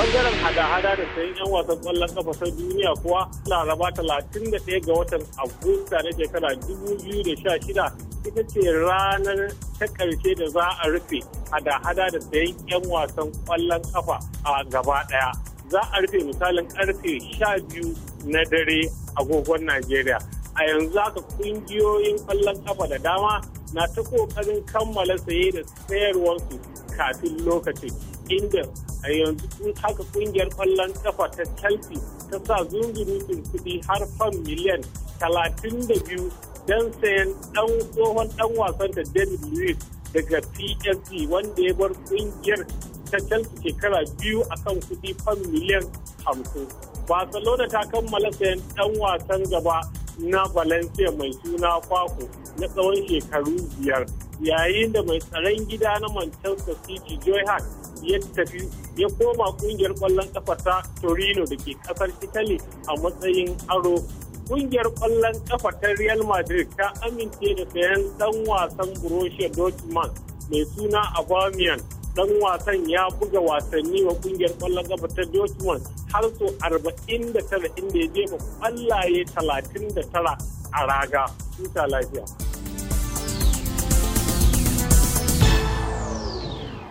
bangaren hada-hada da sayan 'yan wasan kwallon kafa ta duniya kuwa laraba 31 ga watan agusta na shekara shida, ita ce ranar ta ƙarshe da za a rufe hada-hada da sayan 'yan wasan kwallon kafa a gaba ɗaya za a rufe misalin karfe 12 na dare agogon najeriya a yanzu haka kungiyoyin kwallon kafa da dama na ta kokarin kammala saye da sayarwarsu kafin lokacin inda a yanzu sun haka kungiyar kwallon kafa ta chelsea ta sa zunzurutun kuɗi har fan miliyan 32 don sayan ɗan tsohon ɗan wasan da david lewis daga psg wanda ya bar kungiyar ta chelsea shekara biyu a kan kuɗi fan miliyan 50 barcelona ta kammala sayan ɗan wasan gaba na valencia mai suna Kwaku na tsawon shekaru biyar yayin da mai tsaron gida na manchester city joy hart ya tafi ya koma kungiyar kwallon kafa ta torino da ke kasar italy a matsayin aro kungiyar kwallon kafa ta real madrid ta amince da sayan dan wasan borussia dortmund mai suna abamian dan wasan ya buga wasanni wa kungiyar kwallon kafa ta dortmund har so 49 inda ya jefa kwallaye tara a raga. lafiya.